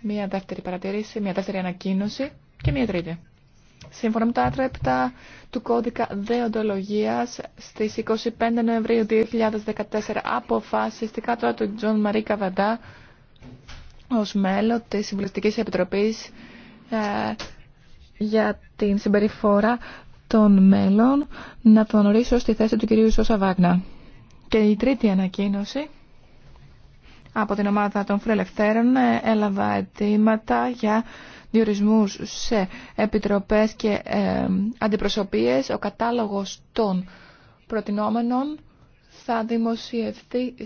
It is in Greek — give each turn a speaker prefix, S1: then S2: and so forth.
S1: μία δεύτερη παρατηρήση, μία δεύτερη ανακοίνωση και μία τρίτη. Σύμφωνα με τα άρθρα του κώδικα δεοντολογίας στις 25 Νοεμβρίου 2014 αποφασιστικά τώρα του Τζον Μαρί Καβαντά ως μέλο της Συμβουλευτικής Επιτροπής ε, για την συμπεριφορά των μέλων να τον ορίσω στη θέση του κυρίου Σώσα Βάγνα. Και η τρίτη ανακοίνωση από την ομάδα των φιλελευθέρων ε, έλαβα αιτήματα για διορισμούς σε επιτροπές και ε, αντιπροσωπείες. Ο κατάλογος των προτινόμενων θα δημοσιευθεί